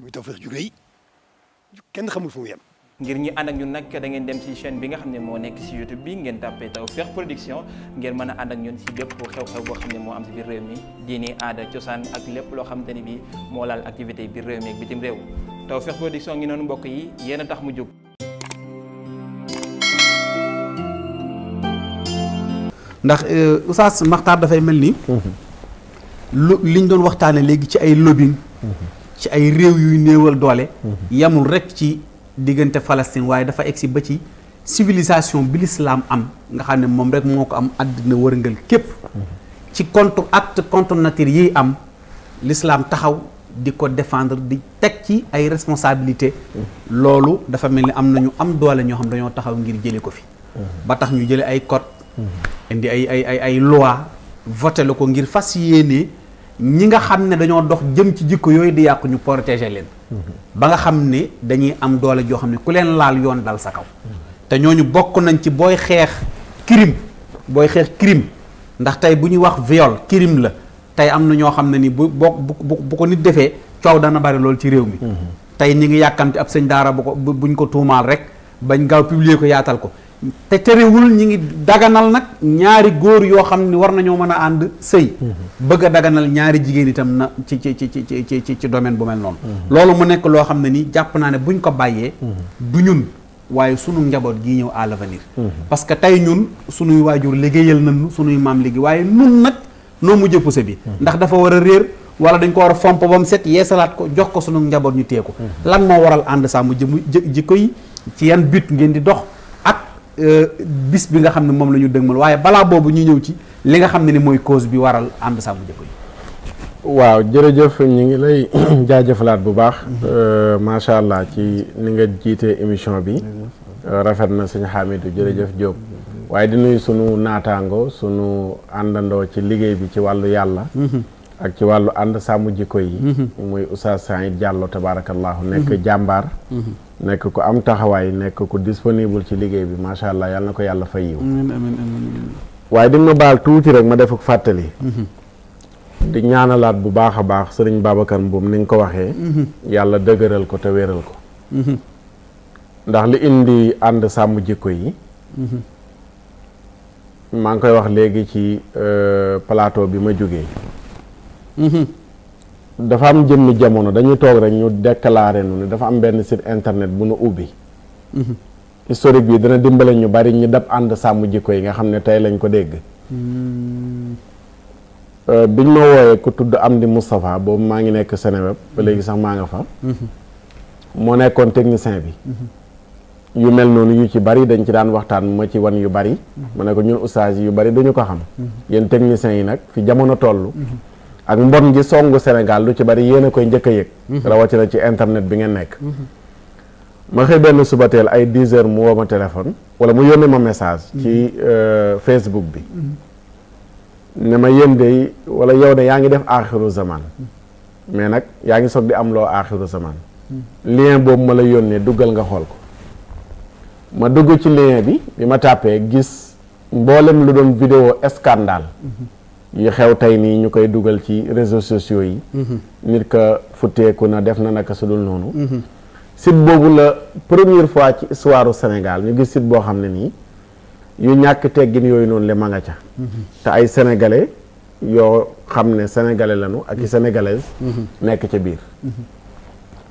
muy Tawfekh ju rëy kenn xamul fu mu yem. ngir ñi ànd ak ñun nag dangeen dem ci chain bi nga xam ne moo nekk ci YouTube bi ngeen tàppee Tawfekh Production ngeen mën a ànd ak ñun ci bépp xew-xew boo xam ne moo am ci biir réew mi diini aada cosaan ak lépp loo xamante ni bi moo laal activité biir réew mi ak bitim réew Tawfekh Production ngi noonu mbokk yi yéen a tax mu jóg. ndax euh, Oustaz Makhtar dafay mel ni. Mhm. lu doon waxtaanee léegi ci ay lobbying. Mhm. ci ay réew yuy néewal doole mhm. yamul rek ci diggante Palestine waaye dafa egsi ba ci civilisation bi lislaam am nga xam ne moom rek moo ko am àddina wërngal képp mhm. ci contre acte contre nature yiy am lislaam taxaw di ko defendre di teg ci ay responsabilité mhm. loolu dafa mel ni am nañu am doole ñoo xam dañoo taxaw ngir jële ko fi ba tax ñu jële ay code indi ay ay ay ay loi voté ko ngir fas yéene ñi nga xam ne dañoo dox jëm ci jikko yooyu di yàqu ñu protéger leen ba nga xam ne dañuy am doole joo xam ne ku leen laal yoon dal sa kaw te ñu bokk nañ ci booy xeex crime booy xeex crime ndax tey bu ñu wax viol kirim la tey am na ñoo xam ne ni bu bu bu ko nit defee coow dana bari lool ci réew mi mm-hmm. tey ñi ngi yàkkamti ab sëñ daara bu ko buñ ko tuumaal rek bañ gaaw publier ko yaatal ko te terewul ñi ngi daganal nag ñaari góor yoo xam ni war nañoo mën a ànd sëy mhm. bëgg a daganal ñaari jigéen itam na ci ci ci ci ci ci domaine bu mel noonu mhm. loolu mu nekk loo xam ne ni jàpp naa ne buñ ko bàyyee mhm. du ñun waaye sunu njaboot gi ñëw à l'avenir que tey ñun sunuy waajur liggéeyal nañu sunuy maam liggéey waaye nun nag noo mujjee poussé bi ndax dafa war a réer wala dañ ko war a fomp ba mu set yeesalaat ko jox ko sunu njaboot ñu téye ko lan moo waral ànd saa mu jëm jikko yi ci yan but ngeen di dox Euh, bis bi nga xam ne moom la ñu dëgmal waaye balaa boobu ñu ñëw ci li nga xam ne ni mooy cause bi waral ànd sàmm jikko yi. waaw jërëjëf ñu ngi lay jaajëfalaat bu baax. Mm-hmm. Euh, macha allah ci ni nga jiitee émission bi. Mm-hmm. Euh, rafet na suñu xaamitu jërëjëf Diop. Mm-hmm. waaye di nuyu sunu naataango sunu àndandoo ci liggéey bi ci wàllu yàlla. ak ci wàllu ànd sàmm jikko yi mhm. muy Oustaz Saïd Diallo tabaarakallaahu mhm. nekk jàmbaar mhm. nekk ko am taxawaay nekk ko disponible ci liggéey bi macha allah yal na ko yàlla fay yiw waaye di ma baal tuuti rek ma def ak ñaanalaat bu baax a baax sëriñ Babacar Mbuum ni nga ko waxee yàlla dëgëral ko te wéral ko ndax li indi ànd sàmm jikko yi maa ngi koy wax léegi ci euh, palaato bi ma jógee dafa am jëmmi jamono dañuy toog rek ñu déclaré nu dafa am benn site internet bu nu ubbi. historique bi dana dimbale ñu bari ñu dab ànd sàmm jikko yi nga xam ne tey lañ ko dégg. Euh, biñ ma wooyee ku tudd Amdi Moustapha boobu maa ngi nekk Seneweb ba léegi sax maa nga fa. moo nekkoon technicien bi. yu mel noonu yu ci bari dañ ci daan waxtaan ma ci wan yu bari. ma ne ko ñun ustaas yu bari dañu ko xam. yéen techniciens yi nag fi jamono toll. ak mbon gi songu Sénégal lu ci bari yéen a koy njëkk a yëg mhm. rawatina ci internet bi ngeen nekk mhm. ma xëy benn suba teel ay 10 heures mu woo ma téléphone wala mu yónnee ma message mhm. ci euh, Facebook bi ne ma yéen de wala yow de yaa ngi def aaxiru zaman mais nag yaa ngi soog di am loo aaxiru zaman lien boobu ma la yónnee duggal nga xool ko ma dugg ci lien bi bi ma tàppee gis mboolem lu doon vidéo scandale yu xew tey nii ñu koy dugal ci réseau sociaux yi mhm. nit ka futteeku na def na naka su dul noonu mhm. site boobu la première fois ci histoire u Sénégal ñu gis site boo xam ne nii yu ñàkk teggin yooyu noonu le ma nga ca mhm. te ay sénégalais yoo xam ne sénégalais lanu ak i sénégalaise nekk ci biir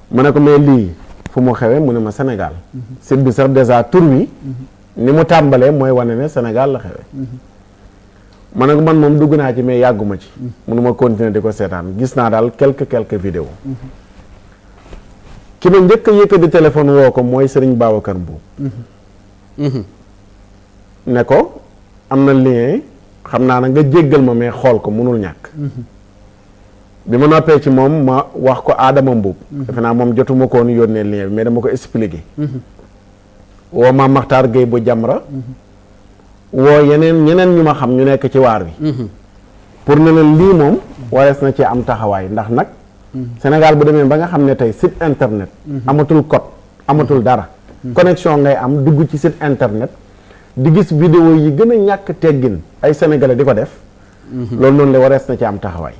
mu ne ko mais lii fu mu xewee mu ne ma Sénégal site bi sax dèjà tur wi ni mu tàmbalee mooy wane ne Sénégal la xewee man nag man moom dugg naa ci mais yàgguma ci. mënuma continuer di ko seetaan gis naa daal quelques quelques vidéos. ki ma njëkk a yëkkati téléphone woo ko mooy Serigne Babacar Mbow. ne ko am na lien xam naa nag nga jéggal ma mais xool ko mënul ñàkk. bi ma noppee ci moom ma wax ko Adama Mbow. defe naa moom jotuma ko woon yónnee lien bi dama ko expliqué. Mhm. woo ma Makhtar Gueye bu Jamra. Mhm. woo yeneen ñeneen ñu ma xam ñu nekk ci waar bi mhm. pour ne leen lii moom warees na ci am taxawaay ndax nag mhm. Sénégal bu demee ba nga xam ne tey site internet mhm. amatul kot amatul dara connexion ngay am dugg ci site internet di gis vidéo yi gën a ñàkk teggin ay sénégalais di ko def loolu noonu la warees na ci am taxawaay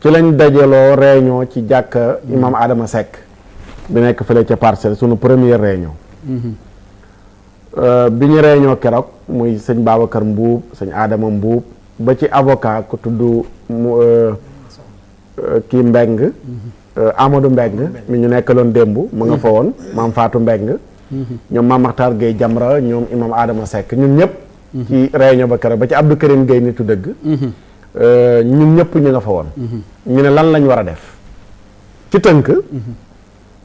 ci lañ dajaloo reeño ci jàkk imam Adama Seck bi nekk fële ca parcelle sunu première réunion Euh, bi ñu réunion keroog muy sëñ Babacar Mbuub sëñ Adama Mbuub ba ci avocat ku tudd euh, euh, kii Mbeng mhm. Amadou Mbeng mi ñu nekkaloon démb mu nga fa woon mhm. mam Faatu Mbeng mhm. ñoom maam Maxtaar Gueye Jamra ñoom imam Adama Seck ñu ñëpp ci réunion ba keroog ba ci Abdou Karim gay nit dëgg ñun ñëpp ñu nga fa woon ñu ne lan lañ war a def ci tënk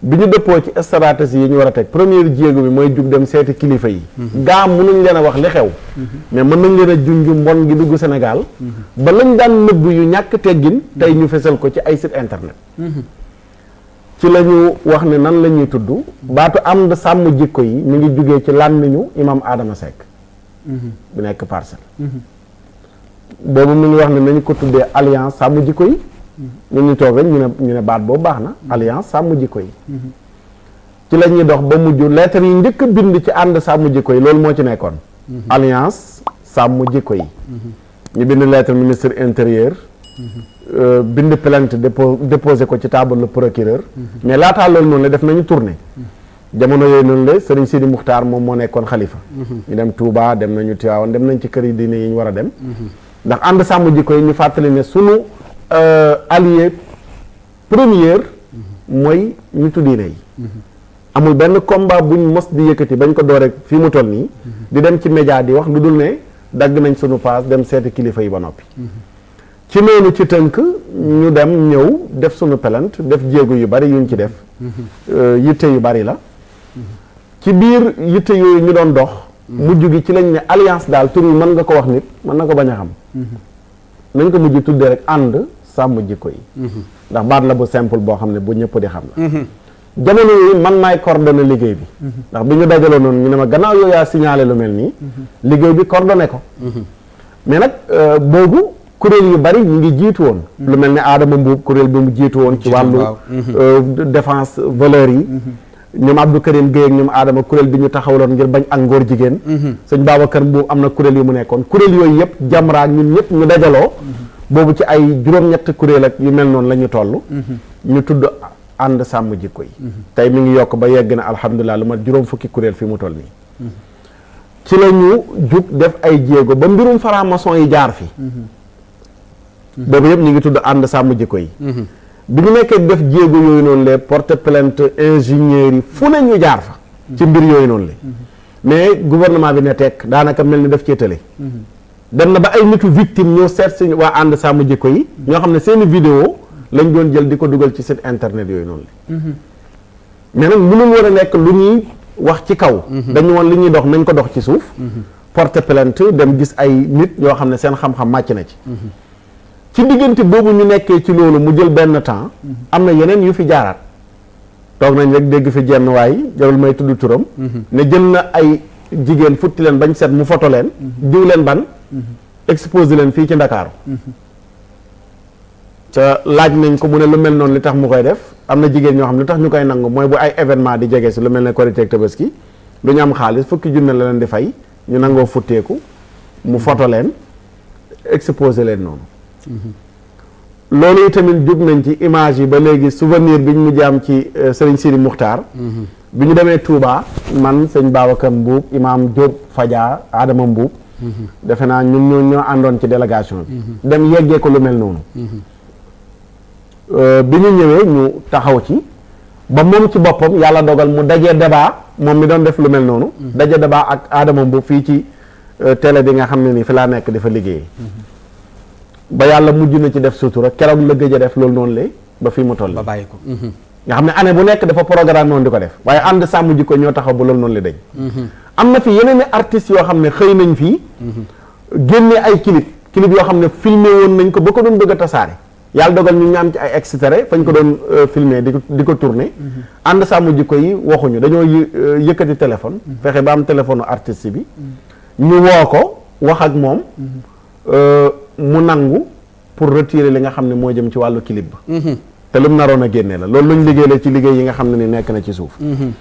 bi ñu dëppoo ci stratégie yi ñu war a teg première jéego bi mooy jug dem seeti kilifa yi mhm. gaa mënuñ leen a wax li xew mhm. mais mën nañ leen a junj mbon ngi dugg senegal mhm. ba lañ daan nëbb yu ñàkk teggin tey ñu fesal ko ci ay site internet ci la ñu wax ne nan la ñuy tudd baatu am da sàmm jikko yi mu ngi jugee ci làmmiñu imam Adama Seck bu nekk parcelle boobu mu ngi wax ne nañu ko tuddee alliance sàmm jikko yi ñun ñu toog rek ñu ne ñu ne baat boobu baax na mm-hmm. alliance sàmm jikko yi mm-hmm. ci la ñuy dox ba mujj lettre yi njëkk a bind ci ànd sàmm jikko yi loolu moo ci nekkoon mm-hmm. alliance sàmm jikko yi ñu bind lettre ministre intérieur euh, bind plainte dépo déposé ko ci table le procureur mais laataa loolu noonu la def nañu tournée jamono yooyu noonu la sëriñ Sidi Muxtaar moom moo nekkoon xalifa ñu dem Touba dem nañu Tiwaawan dem nañ ci kër yi diine yi ñu war a dem ndax ànd sàmm jikko yi ñu fàttali ne sunu Euh, allié première mooy nitu diine yi amul benn combat buñ mos di yëkkati bañ ko dooree fii mu toll nii di dem ci média di wax lu dul ne dagg nañ sunu paas dem seeti kilifa yi ba noppi ci noonu ci tënk ñu dem ñëw def sunu pelante def jéego yu bari yuñ ci def euh, yitte yu bari la ci biir yitte yooyu ñu doon dox mujj gi ci lañ ne alliance daal tur mën nga ko wax nit mën na ko bañ a xam nañ ko mujj tuddee rek ànd sàmm jikko yi mhm. ndax baat la bu simple boo xam ne bu ñëpp di xam la mhm. jamono yi man maay coordonné liggéey bi mhm. ndax bi ñu dajaloo noonu ñu ne ma gannaaw yow yaa signalé lu mel nii liggéey bi coordonné ko mais nag euh, boobu kuréel yu bari ñu ngi jiitu woon lu mel ne Adama Mbuub kuréel bi mu jiitu woon ci wàllu euh, défense valeurs yi ñoom Abdou Karim Gueye ak ñoom Adama kuréel bi ñu taxawaloon ngir bañ ak ngóor jigéen sëñ Babacar Mbuub am na kuréel yu mu nekkoon kuréel yooyu yëpp Jamra boobu ci ay juróom-ñett kuréel ak yu mel noonu la ñu toll mhm. ñu tudd ànd sàmm jikko yi mhm. tey mi ngi yokk ba yegg na alhamdulilah lu ma juróom fukki kuréel fi mu toll nii mhm. ci la ñu def ay jéego ba mbirum franc-maçon yi jaar fi boobu yëpp ñu ngi tudd ànd sàmm jikko yi bi ñu nekkee def jéego yooyu noonu le porte plainte ingénieurs yi fu ne ñu jaar fa ci mbir yooyu noonu le mais gouvernement bi ne tekk daanaka mel ni def cee tële dem na ba ay nitu victime ñoo seet si waa ànd sàmm jikko yi ñoo xam ne seeni vidéo lañ doon jël di ko dugal ci site internet yooyu noonu la mhm. mais nag mënul war a nekk lu ñuy wax ci kaw mhm. dañu woon li ñuy dox nañ ko dox ci suuf mhm. porte plainte dem gis ay nit ñoo xam ne seen xam-xam màcc na ci ci diggante boobu ñu nekkee ci loolu mu jël benn temps am na yeneen yu fi jaaraat toog nañ rek dégg fi jenn waay jarul may tudd turam ne jël na ay jigéen futti leen bañ set mu foto leen diw leen ban exposé leen fii ci Ndakaaru ca laaj nañ ko mu ne lu mel noonu li tax mu koy def am na jigéen ñoo xam ne lu tax ñu koy nangu mooy bu ay événement di jege si lu mel ne Korité ak Tabaski du ñu am xaalis fukki junne la leen di fay ñu nangoo futteeku mu foto leen exposé leen noonu loolu tamit jug nañ ci image yi ba léegi souvenir bi ñu mujj am ci euh, sëriñ Sidi Muxtaar mhm. bi ñu demee Touba man sëñ Babacar Mbuub imaam Diop fajaa aadama Mbuub defe naa ñun ñoo ñoo àndoon ci délégation bi. Mhm. dem yeggee ko lu mel noonu. Mhm. Euh, bi ñu ñëwee ñu taxaw ci ba moom ci boppam yàlla dogal mu dajee débat moom mi doon def lu mel noonu. Mhm. dajee débat ak aadama bu fii ci euh, télé bi nga xam ne nii fi laa nekk dafa liggéeyee. ba yàlla mujj na ci def sutura keroog la gëj a def loolu noonu lay ba fii mu toll. ba bàyyi ko. nga xam ne année bu nekk dafa programme noonu di ko def waaye ànd sàmm ko ñoo taxaw ba loolu noonu la dañ. am na fi yoo xam ne xëy nañ fii. génne ay clip clip yoo xam ne filmé woon nañ ko ba ko doon bëgg tasaare yàlla dogal ñu ñaam ci ay extrait fañ ko doon euh, filmé di ko di ko ànd sàmm jikko yi waxuñu dañoo euh, yëkkati téléphone fexe ba am téléphone artiste bi ñu woo ko wax ak moom euh, mu nangu pour retirer li nga xam ne moo jëm ci wàllu clip ba te lu mu naroon a génne la loolu lañ liggéey la ci liggéey yi nga xam ne ni nekk na ci suuf mhm.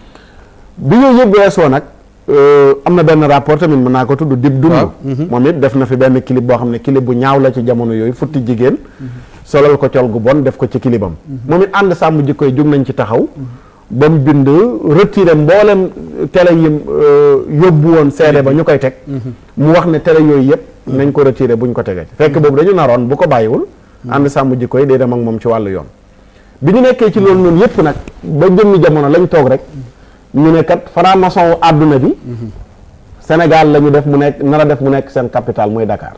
bi ñoo yëpp weesoo nag Euh, am na benn rapport tamit mën naa ko tudd dib dund mm-hmm. mhm. moom it def na fi benn clip boo xam ne clip bu ñaaw la ci jamono yooyu futti jigéen mhm. solal ko col gu bon def ko ci clipam mhm. moom it ànd sàmm jikko yi jóg nañ ci taxaw ba mu bind retiré mboolem télé yi euh, yóbbu woon seede ba ñu koy teg mu wax ne télé yooyu yëpp nañ ko retiré buñ ko tegee fekk boobu dañu naroon bu ko bàyyiwul ànd sàmm jikko yi day dem moom ci wàllu yoon bi ñu nekkee ci loolu noonu yëpp nag ba jëmmi jamono lañ toog rek ñu ne kat franc-maçon wu àdduna bi. senegal la ñu def mu nekk na la def mu nekk seen capital muy dakaar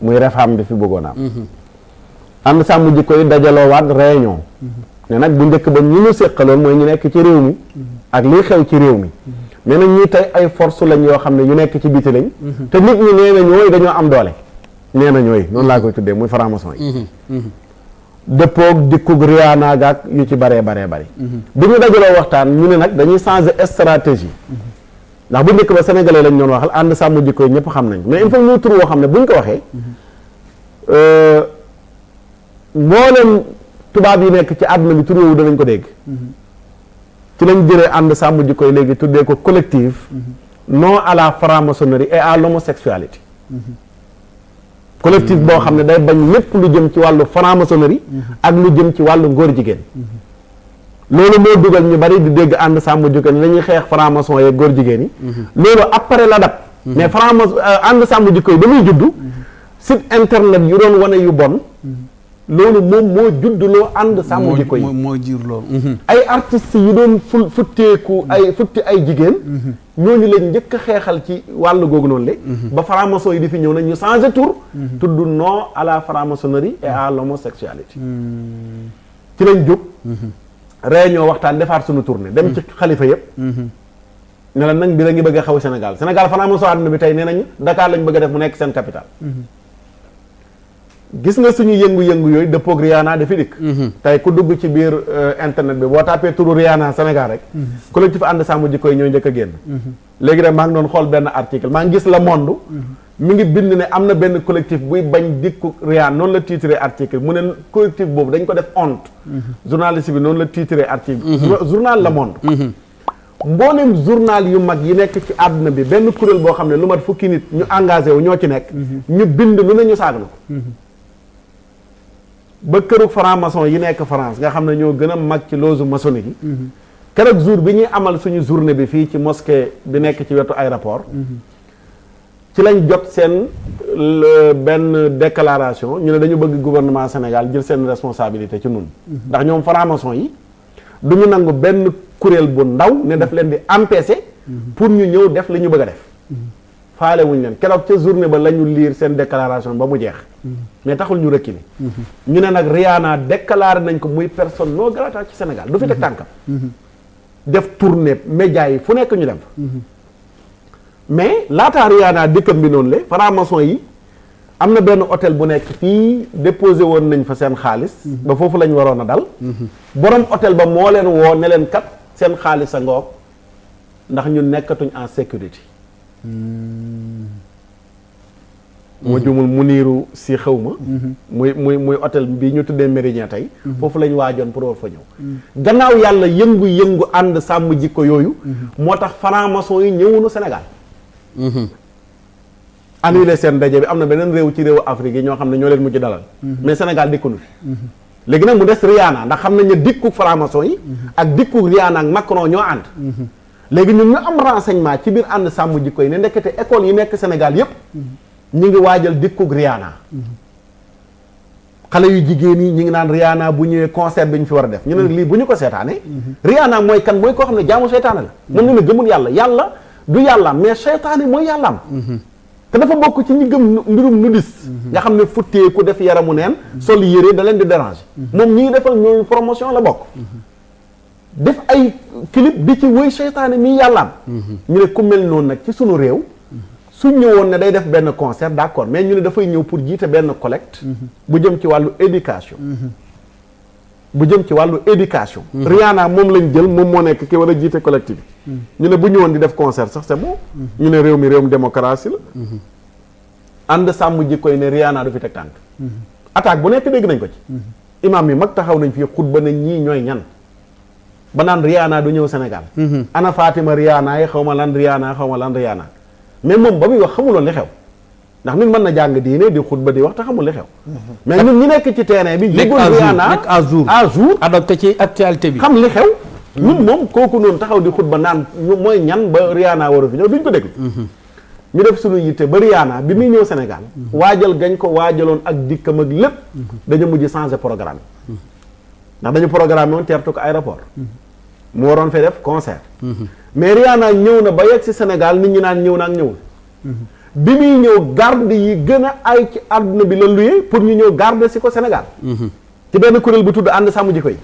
muy réforme bi fi bëggoon am. ànd sàmm jikko yi dajaloowaat réunion. ne nag bu njëkk ba ñu ñu séqaloon mooy ñu nekk ci réew mi. ak liy xew ci réew mi. mais nañ ñii tey ay force lañ yoo xam ne ñu nekk ci biti lañ. te nit ñi nee na ñooy dañoo am doole. nee na ñooy noonu laa koy tuddee muy franc-maçon yi. dëppoog dikkug Rihanna gaag yu ci baree baree bari. bi ñu dajaloo waxtaan ñu ne nag dañuy changer stratégie. ndax bu njëkk ba sénégalais lañ doon waxal ànd sàmm jikko yi ñëpp xam nañ mais il faut ñu tur woo xam ne buñ ko waxee. Euh, mboolem tubaab yi nekk ci àdduna bi tur woowu danañ ko dégg. ci lañ jëlee ànd sàmm jikko koy léegi tuddee ko collective non à la franc-maçonnerie et à l'homosexualité collectif boo xam ne day bañ lépp lu jëm ci wàllu franc-maçonnerie ak lu jëm ci wàllu ngóor jigéen loolu moo dugal ñu bari di dégg ànd sàmm jikko yi la ñuy xeex franc-maçon yeeg góor jigéen yi loolu après la dab mhm. mais franc-maçon euh, ànd sàmm jikko yi ba muy juddu mhm. site internet yu doon wane yu bon loolu moom moo juddloo ànd sàmm jikko yi moo jiir loolu mhm. ay artist yu doon fu futteeku mhm. ay futti ay jigéen mhm. ñooñu lañ njëkk a xeexal ci wàll googu noonu le ba franc yi di fi ñëw nañ ñu changé tour tudd non à la franc-maçonnerie et à l'homosexualité ci lañ jóg réunion waxtaan defaat suñu tournée dem ci xalifa yëpp ne la nag bi la ngi bëgg a xaw Sénégal Sénégal franc-maçon àdduna bi tey nee nañ Dakar lañ bëgg a def mu nekk seen capitale gis nga suñu yëngu-yëngu yooyu dëppoog Rihanna dafi dikk mhm. tey ku dugg ci biir euh, internet bi boo tapé turu Rihanna Sénégal rek mhm. collectif ànd mu jikko yi ñooy njëkk a génn mhm. léegi rek maa ngi doon xool benn article maa ngi gis Le Monde mi ngi bind ne am na benn collectif buy bañ dikku Rihanna noonu la titré article mu ne collectif boobu dañ ko def honte journaliste bi noonu la titré article journal Le Monde mboolem journal yu mag yi nekk ci àdduna bi benn kuréel boo xam ne lu mat fukki nit ñu engagé wu ñoo ci nekk ñu bind lu ne ñu saaga ba këru franc-maçon yi nekk France nga xam ne ñoo gën a mag ci loosu maçonnerie yi mhm. keroog jour bi ñuy amal suñu journée bi fii ci mosquée bi nekk ci wetu aéroport mhm. ci lañ jot seen benn déclaration ñu ne dañu bëgg gouvernement Sénégal jël seen responsabilité ci ñun mhm. ndax ñoom franc-maçon yi du ñu nangu benn kuréel bu ndaw ne daf leen di empêcher pour ñu ñëw def li ñu bëgg a def faale wuñ leen keroog ca journée ba la ñu lire seen déclaration ba mu jeex. Mhm. mais taxul ñu rëkki ni mhm. ñu ne nag Rihanna déclaré nañ ko muy personne non grata ci Sénégal du fi teg mhm. tànkam. def tournée média yi fu nekk ñu dem fa. mais laataa Rihanna dikkam bi noonu la franc-maçon yi am na benn hôtel bu nekk fii déposé woon nañ fa seen xaalis. ba foofu lañ waroon a dal. borom hôtel ba moo leen woo ne leen kat seen xaalis a ngoog ndax ñu nekkatuñ en sécurité. moo hmm. jumul mu niiru si xew ma mhm. muy muy muy hôtel bi ñu tuddee Méridien tey mhm. foofu lañu waajoon pour war fa ñëw mhm. gannaaw yàlla yëngu-yëngu ànd sàmm jikko yooyu moo tax franc-maçon yi ñëwunu Sénégal annulé seen daje bi am na beneen réew ci réewu Afrique yi ñoo xam ne ñoo leen mujj dalal mais Sénégal dikku fi léegi nag mu des Rihanna ndax xam nañ ne dikku franc-maçon yi ak dikku Rihanna ak Macron ñoo ànd léegi ñun ñu am renseignement ci biir ànd sàmm jikko koy ne ndekete école yi nekk Sénégal yépp ñu ngi waajal dikkug Rihanna xale yu jigéen yi ñu ngi naan Rihanna bu ñëwee concert bi ñu fi war a def ñu ne lii bu ñu ko seetaanee Rihanna mooy kan mooy koo xam ne jaamu seytaane la moom ñu ne gëmul yàlla yàlla du yàllaam mais seytaane mooy yàllaam te dafa bokk ci ñu gëm mbirum nudis nga xam ne futtee ku def yaramu neen sol yére da leen di déranger moom ñi ngi defal ñooñu promotion la bokk def ay clip bi ci woy seytaane mii yàllaam mm-hmm. ñu ne ku mel noonu nag ci suñu réew mm-hmm. su ñëwoon ne day def benn concert d'accord mais ñu ne dafay ñëw pour jiite benn collecte mm-hmm. bu jëm ci wàllu éducation bu jëm ci wàllu éducation Rihanna moom lañ jël moom moo nekk ki war jiite collecte bi ñu ne bu ñëwoon di def concert sax c'est bon ñu ne réew mi réewum démocratie la ànd sàmm jikko yi ne Rihanna du fi te tànk attaque bu nekk dégg nañ ko ci imam yi mag taxaw nañ fii xutba nañ ñii ñooy ñan ba naan Rihanna du ñëw Sénégal. Mhm. ana Fatima Rihanna yi xaw ma lan Rihanna xaw ma lan Rihanna mais moom ba muy wax xamuloon li xew. ndax nit mën na jàng diine di ba di wax te xamul li xew. Mhm. mais ñun ñi nekk ci terrain bi. nekk à jour nekk à jour à ci actualité bi. xam li xew. Mhm. ñun moom kooku noonu taxaw di ba naan mooy ñan ba Rihanna waru fi ñëw duñ ko déglu. ñu def suñu yitte ba Rihanna bi muy ñëw Sénégal. waajal gañ ko waajaloon ak dikkam ak lépp. dañu mujj changer programme ndax dañu programme woon teertu ko aéroport mhm. mu waroon fee def concert mhm. mais Rihanna ñëw na ba yegg si Sénégal nit ñi naan ñëw na ak ñëwul mhm. bi ñuy ñëw garde yi gën a ay ci àdduna bi la luyee pour ñu ñëw garde si ko Sénégal ci benn kuréel bu tudd ànd sàmm jikko yi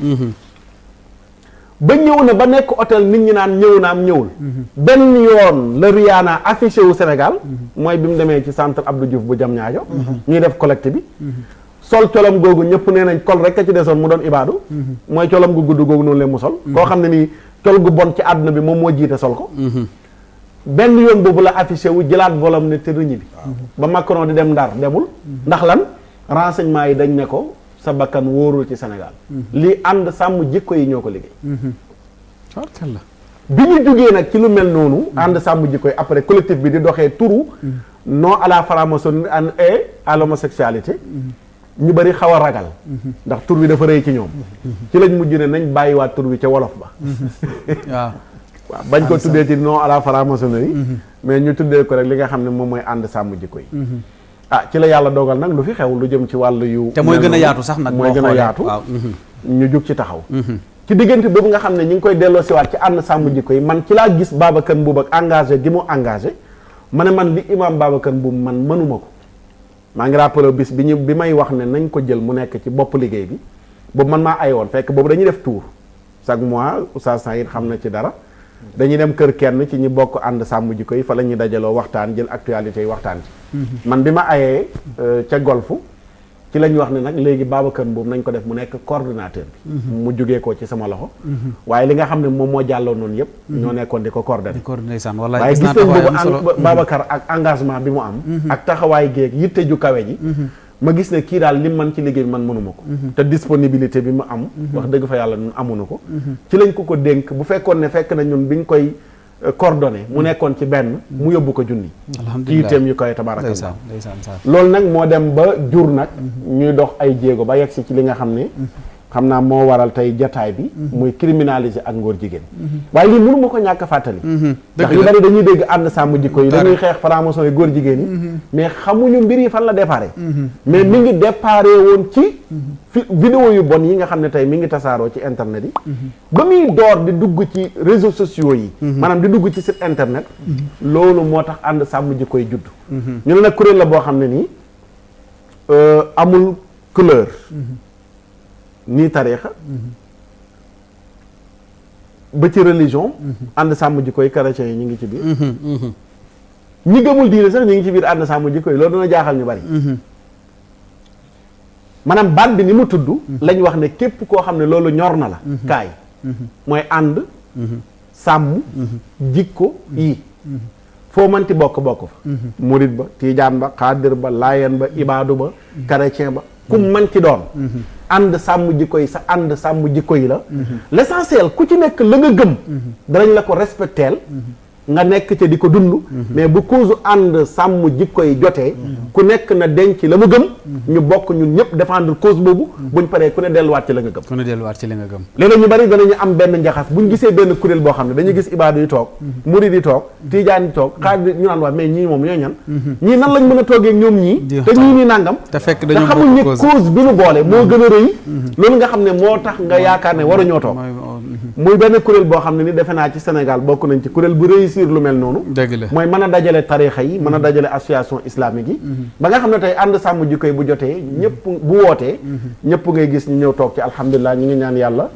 ba ñëw na ba nekk hôtel nit ñi naan ñëw naan ñëwul benn yoon la Rihanna affiché wu Sénégal mooy bi mu demee ci centre Abdou Diouf bu jam ñaajo ñuy def collecte bi sol colom googu ñëpp nee nañ kol rek a ci desoon mu doon ibaadu mhm. mooy colom gu gudd googu noonu leen mu sol mhm. koo xam ne nii col gu bon ci àdduna bi moom moo jiite sol ko mhm. benn yoon boobu la affiché wu jëlaat volam ne te bi ba Macron di dem ndar demul ndax lan renseignement yi dañ ne ko sa bakkan wóorul ci Sénégal lii ànd sàmm jikko yi ñoo ko liggéey bi ñu jógee nag ci lu mel noonu ànd sàmm jikko yi après collectif bi di doxee turu non à la franc-maçonnerie et à l'homosexualité ñu bari xaw a ragal mhm. ndax tur bi dafa rëy ci ñoom mhm. ci lañ mujj ne nañ bàyyiwaat tur bi ca wolof ba mhm. waaw waaw bañ ko tuddee ci noo à la franc-maçonnerie mais ñu tuddee ko rek li nga xam ne moom mooy ànd sàmm jikko yi ah ci la yàlla dogal nag lu fi xew lu jëm ci wàll yu te mooy gën a yaatu sax nag mooy gën a yaatu ñu jug ci taxaw ci diggante boobu nga xam ne ñu ngi koy delloo waat ci ànd sàmm jikko yi man ci laa gis Babacar Mbuub ak engagé di mu engagé ma man li imam Babacar Mbuub man mënuma ko maa ngi rappelé bis bi ñu bi may wax ne nañ ko jël mu nekk ci bopp liggéey bi boobu man maa woon fekk boobu dañuy def tour chaque mois Oustaz Sahid xam na ci dara dañuy dem kër kenn ci ñi bokk ànd sàmm jikko yi fa la ñuy dajaloo waxtaan jël actualité waxtaan ci mhm. man bi ma ayee euh, ca golfu ci la ñu wax ne nag léegi Babacar Mboum nañ ko def mu nekk coordonnateur bi. Mhm. mu jógee ko ci sama loxo. Mhm. waaye li nga xam ne moom moo jàlloo noonu yëpp. Mhm. ñoo nekkoon di ko coordonné. waaye gis nañ boobu Babacar ak engagement bi mu am. ak taxawaay géeg yitte ju kawe ji. ma gis ne kii daal li man ci liggéey man mënuma ko te disponibilité bi mu am wax dëgg fa yàlla ñun amuñu ko ci lañ ko ko dénk bu fekkoon ne fekk na ñun ñu koy Euh, coordonné mu nekkoon ci benn mu yóbbu ko junni ci itam yu koy tabaraka loolu nag moo dem ba jur nag mhm. ñuy dox ay jéego ba yegsi ci li nga xam ne mhm. xam naa moo waral tey jataay bi mhm. muy criminaliser ak ngóor jigéen mhm. waaye lii mënu ma ko ñàkk fàttali mhm. ndax ñu bari dañuy dégg ànd sàmm jikko yi dañuy xeex franc-maçon yi góor jigéen yi mais xamuñu mbir yi fan la déparé mais mi ngi déparé woon ci fi vidéo yu bon yi nga xam ne tey mi ngi tasaaroo ci internet yi ba muy door di dugg ci réseau sociaux yi maanaam di dugg ci site internet loolu moo tax ànd sàmm jikko yi judd ñu ne nag kuréel la boo xam ne nii euh, amul couleur nii tariixa ba ci religion ànd sàmm jikko yi chrétiens yi ñu ngi ci biir ñi gëmul diine sax ñu ngi ci biir ànd sàmm jikko yi loolu dana jaaxal ñu bari maanaam baat bi ni mu tudd lañ wax ne képp koo xam ne loolu ñor na la kaay mooy ànd sàmm jikko yi foo manti bokk bokk fa murit ba tiijaan ba xaadir ba layen ba ibaadu ba chrétien ba ku manti doon ànd sàmm jikko yi sa ànd sàmm jikko yi la mhm. l'essentiel ku ci nekk la nga gëm mhm. danañ la ko respecteel mhm. nga nekk ca di ko dund mhm. mais bu cause ànd sàmm jikko koy jotee mhm. ku nekk na denc la mu gëm mhm. ñu bokk ñun ñëpp défendre cause boobu buñ paree ku ne delluwaat ci la nga gëm ku ne delluwaat ci la nga gëm léeg-léeg ñu am benn njaxas buñ gisee benn kuréel boo xam ne dañuy gis ibaadu yi toog murid yi toog tiijaan yi toog xaadir ñu naan waa mais ñii moom ñooy ñan ñii nan lañ mën a toogee ñoom ñii te ñii nii nàngam te fekk dañu xamul ne cause bi nu boole moo gën a rëy loolu nga xam ne moo tax nga yaakaar ne waruñoo toog muy benn kuréel boo xam ne ni defe naa ci Sénégal bokk nañ ci kuréel bu réy réussir lu mel noonu mooy mën a dajale tarixa yi mën a dajale association islamique yi ba nga xam ne tey ànd sàmm jikko yi bu jotee ñëpp bu wootee ñëpp ngay gis ñu ñëw toog ci alhamdulilah ñu ngi ñaan yàlla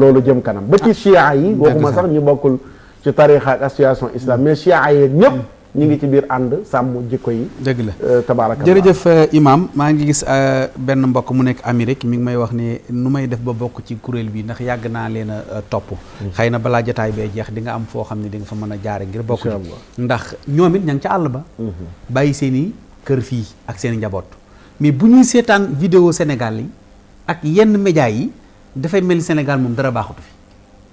loolu jëm kanam ba ci ah. chia yi waxuma sax ñu bokkul ci tarixa ak association islamique mais chia yi ñëpp ñu ngi ci biir ànd sàmm jikko yi. dëgg la euh, tabaaraka jërëjëf euh, Imaam maa ngi gis euh, benn mbokk mu nekk Amérique mi ngi may wax ne nu may def ba bokk ci kuréel bi ndax yàgg naa leen a topp. Mm-hmm. xëy na balaa jotaay bee jeex di nga am foo xam ne di nga fa mën a jaare ngir bokk ci ndax ñoom it ña ngi ca àll ba. Mm-hmm. bàyyi seen i kër fii ak seen njaboot. mais bu ñuy seetaan vidéo Sénégal yi ak yenn média yi dafay mel ni Sénégal moom dara baaxutu fi.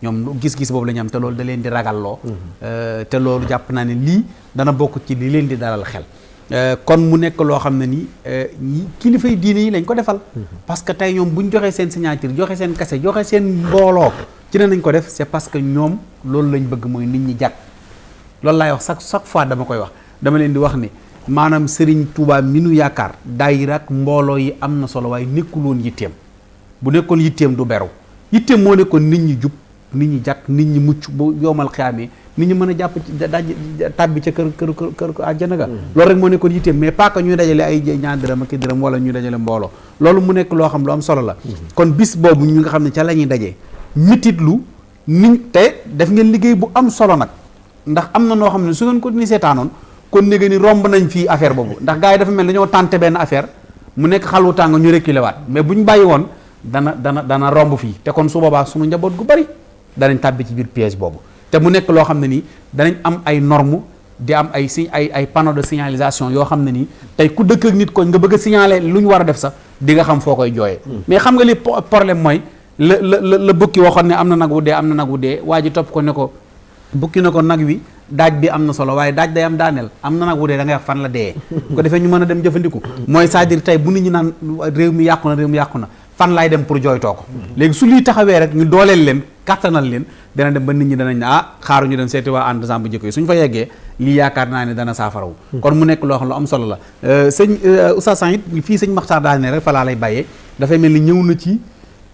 ñoom gis-gis boobu la am te loolu da leen di ragalloo mhm. euh, te loolu jàpp naa ne lii dana bokk ci li leen di dalal xel euh, kon mu nekk loo xam ne ni euh, kilifay diine yi lañ ko defal mhm. parce que tey ñoom bu ñu joxee seen signature joxe seen kase joxe seen mbooloo ci ne nañ ko def c'est parce que ñoom loolu lañ bëgg mooy nit ñi jàkk loolu laay wax chaque chaque fois dama koy wax dama leen di wax ne maanaam Serigne Touba mi nu yaakaar daayira mbooloo yi am na solo waaye nekkul woon yitteem bu nekkoon yitteem du beru yitteem ñi jub nit ñi jàkk nit ñi mucc bu yowmal xiyaamee nit ñi mën a jàpp ci daj tàbbi ca kër kër kër àjjana ga mm. loolu rek moo nekkoon yitteem mais pas ñuy dajale ay ñaar dërëm ak i dërëm loolu mu nekk loo xam lu am solo la mm-hmm. kon bis boobu ñu nga xam ne ca la ñuy dajee mititlu ni te def nga liggéey bu am solo nag ndax am na noo xam ne su ngeen ko ni seetaanoon kon néega ni romb nañ fii affaire boobu ndax gaa yi dafa mel na dañoo tenté benn affaire mu nekk xalwu tàng ñu reculer waat mais bu ñu bàyyi woon dana dana dana romb fii te kon su danañ tàbbi ci biir piège boobu te mu nekk loo xam ne nii danañ am ay normes di am ay si ay ay panneaux de signalisation yoo xam ne nii tey ku dëkk ak nit ko nga bëgg a lu ñu war a def sax di nga xam foo koy jooyee. Hmm. mais xam nga li problème mooy la la la bukki waxoon ne am na nag wu dee am na wu dee waa ji topp ko ne ko bukki na ko nag wi daaj bi am na solo waaye daaj day am daaneel am na nag wu dee da fan la dee. ko defee ñu mën a dem jëfandiku. Hmm. mooy cest à tey bu nit ñi naan réew mi yàqu na réew mi yàqu na. fan laay dem pour jooytoo ko léegi su lii taxawee rek ñu dooleel leen kàttanal leen dana dem ba nit ñi danañ ne ah xaaru ñu dem seeti waa ànd sàmm jikko yi suñ fa yeggee lii yaakaar naa ne dana saafarawu hmm. kon mu nekk loo xam lu am solo la euh, sëñ euh, Oustaz Sanit fii sëñ Maxtaar daal ne rek fa laa lay bàyyee dafay mel ni ñëw na ci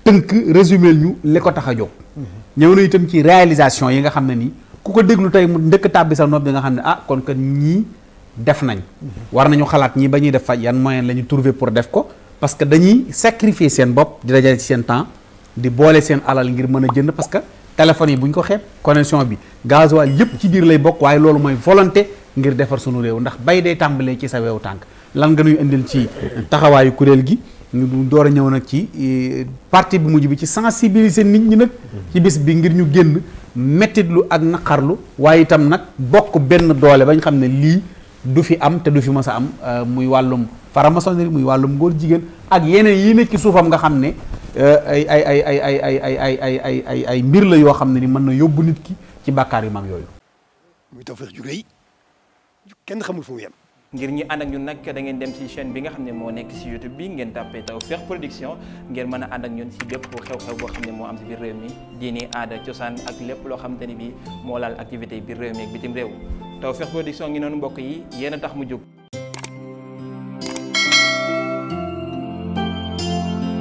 tënk résumé ñu li ko tax a jóg hmm. ñëw na itam ci réalisation yi nga xam ne nii ku ko déglu tey mu ndëkk tàbbi sa nopp bi nga xam ne ah kon kat ñii def nañ hmm. war nañu xalaat ñii ba ñuy def faj yan moyen la ñu pour def ko parce que dañuy sacrifier seen bopp di dajale ci seen temps di boole seen alal ngir mën a jënd parce que téléphone yi bu ñu ko xeeb connexion bi gasoil yépp ci biir lay bokk waaye loolu mooy volonté ngir defar sunu réew ndax bay day tàmbalee ci sa weewu tànk lan nga nuy indil ci taxawaayu kuréel gi ñu door a ñëw nag ci e, partie bu mujj bi ci sensibiliser nit ñi nag ci bis bi ngir ñu génn mettitlu ak naqarlu waaye itam nag bokk benn doole bañ xam ne lii du fi am te du fi mës a am e, muy wàllum franc-maçonnerie muy wàllum góor jigéen ak yeneen yi nekk ci suufam nga xam ne ay ay ay ay ay ay ay ay ay ay ay mbir la yoo xam ne ni mën na yóbbu nit ki ci bàkkaar yu mag yooyu. muy Tawfekh ju rëy kenn yem. ngir ñi ànd ak ñun nag da ngeen dem ci chaîne bi nga xam ne moo nekk ci YouTube bi ngeen tàppee Tawfekh Production ngeen mën a ànd ak ñun ci bépp xew-xew boo xam ne moo am ci biir réew mi diini aada cosaan ak lépp loo xamante ni bi moo laal activité biir réew mi ak bitim réew Tawfekh Production ngi noonu mbokk yi yéen a tax mu jóg.